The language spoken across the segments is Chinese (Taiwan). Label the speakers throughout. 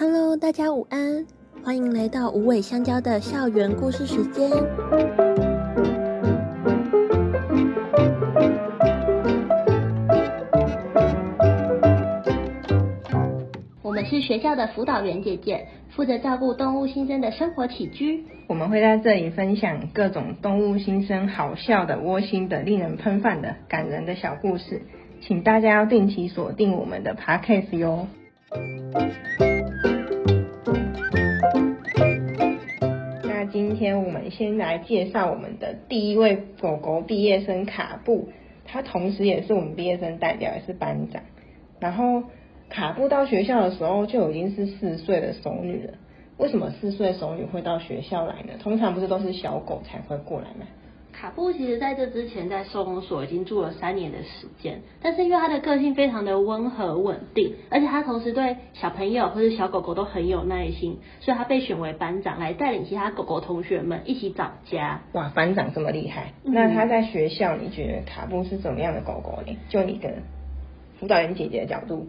Speaker 1: Hello，大家午安，歡迎來到無尾香蕉的校園故事時間。我們是學校的輔導員姐姐，負責照顧動物新生的生活起居。
Speaker 2: 我們會在這裡分享各種動物新生好笑的、窩心的、令人噴飯的、感人的小故事，請大家要定期鎖定我們的 Podcast 喲。先來介紹我們的第一位狗狗畢業生卡布，她同時也是我們畢業生代表，也是班長。然後卡布到學校的時候就已經是四歲的熟女了。為什麼四歲熟女會到學校來呢？通常不是都是小狗才會過來嗎？
Speaker 1: 卡布其實在這之前在收容所已經住了三年的時間，但是因為他的個性非常的溫和穩定，而且他同時對小朋友或是小狗狗都很有耐心，所以他被選為班長來帶領其他狗狗同學們一起找家。
Speaker 2: 哇，班長這麼厲害！嗯。那他在學校，你覺得卡布是怎麼樣的狗狗呢？就
Speaker 1: 你跟輔導員姐姐的角度。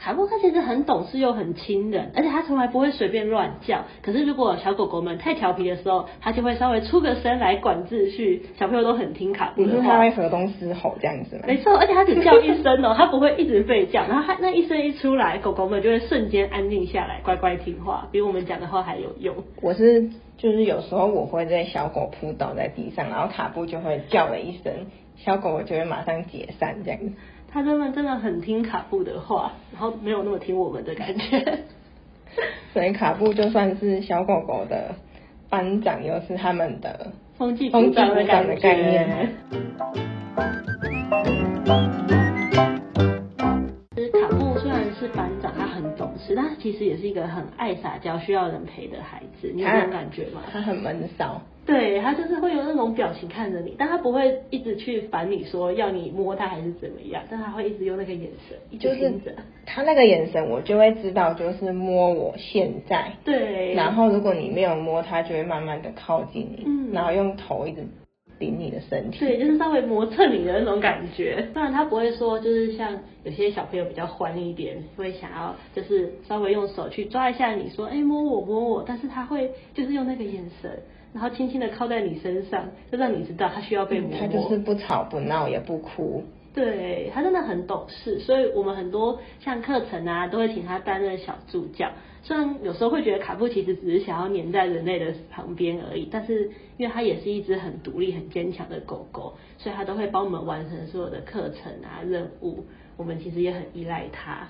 Speaker 1: 卡布他其實很懂事又很親人，而且他從來不會隨便亂叫。可是如果小狗狗們太調皮的時候，他就會稍微出個聲來管秩序。小朋友都很聽卡布的。你是他會
Speaker 2: 河東獅吼這樣子嗎？沒錯，而且他只叫
Speaker 1: 一聲哦， 他不會一直吠叫。然後他那一聲一出來，狗狗們就會瞬間安靜下來，乖乖聽話，比我們講的話還有用。
Speaker 2: 我是就是有時候我會在小狗撲倒在地上，然後卡布就會叫了一聲，小狗就會馬上解散這樣子。
Speaker 1: 他真的真的很聽卡布的話，然後沒有那麼聽我們的感覺，
Speaker 2: 所以卡布就算是小狗狗的班長，又是他們的
Speaker 1: 風紀班長的概念。其實也是一個很愛撒嬌、需要人陪的孩子，你有這種感覺嗎？他很悶騷，對，他就是會有那種表情看着你，但他不會一直去煩你說要你摸他還是怎麼樣，但他會一直用那個
Speaker 2: 眼神，就是他那個眼神，我就會知道就是摸我現在，對，然後如果你沒有摸他，就會慢慢的靠近你，嗯，然後用頭一直。頂你的
Speaker 1: 身體，對，就是稍微磨蹭你的那種感覺。當然，他不會說，就是像有些小朋友比較歡一點，會想要就是稍微用手去抓一下你說，哎，摸我摸我。但是他會就是用那個眼神，然後輕輕地靠在你身上，就讓你知道他需要被摸摸。嗯，他就是不吵不鬧
Speaker 2: 也不哭。
Speaker 1: 對，他真的很懂事，所以我們很多像課程啊，都會請他擔任小助教。雖然有時候會覺得卡布其實只是想要黏在人類的旁邊而已，但是因為它也是一隻很獨立、很堅強的狗狗，所以它都會幫我們完成所有的課程啊，任務。我們其實也很依賴它。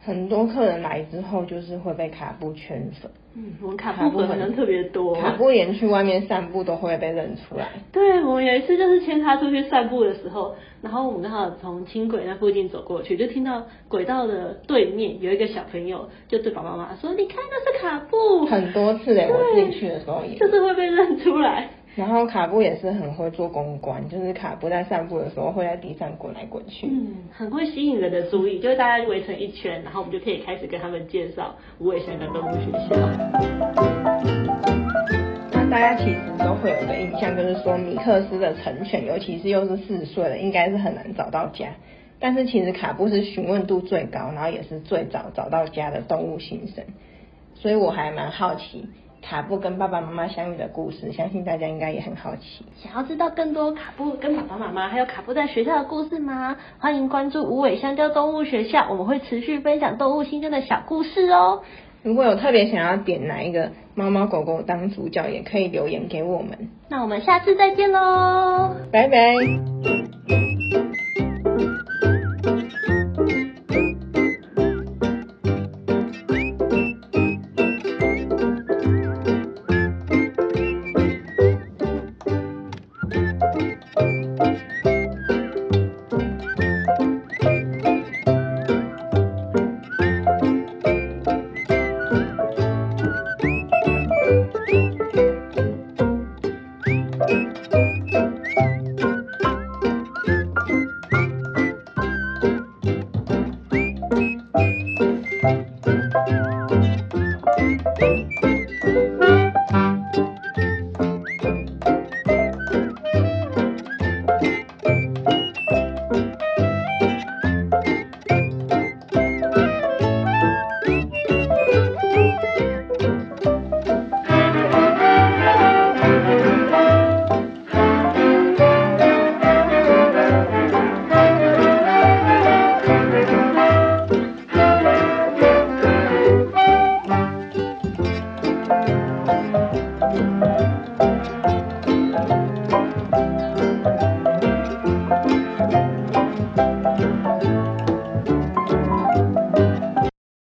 Speaker 2: 很多客人來之後，就是會被卡布圈粉。嗯，我
Speaker 1: 們卡布粉人特別多、啊，卡布
Speaker 2: 連去外面散步都會被認出來。嗯、
Speaker 1: 對，我們有一次就是牽他出去散步的時候，然後我們剛好從輕軌那附近走過去，就聽到軌道的對面有一個小朋友就對爸爸媽媽說：“你看，那是卡布。”很多次哎，對我們進
Speaker 2: 去的時候也，就是
Speaker 1: 會被認出來。然
Speaker 2: 後卡布也是很會做公關，就是卡布在散步的時候會在地上滾來滾去，嗯，很
Speaker 1: 會吸引人的注意，就是大家圍成一圈，然後我們就可以開始跟他們介紹無尾香蕉動物
Speaker 2: 學校。那大家其實都會有個印象，就是說米克斯的成犬，尤其是又是四歲了，應該是很難找到家。但是其實卡布是詢問度最高，然後也是最早找到家的動物先生，所以我還蠻好奇。卡布跟爸爸媽媽相遇的故事，相信大家應該也很好奇。
Speaker 1: 想要知道更多卡布跟爸爸媽媽，還有卡布在學校的故事嗎？歡迎關注無尾香蕉動物學校，我們會持續分享動物心中的小故事哦、喔。
Speaker 2: 如果有特別想要點哪一個貓貓狗狗當主角，也可以留言給我們。那我們下次再見嘍，拜拜。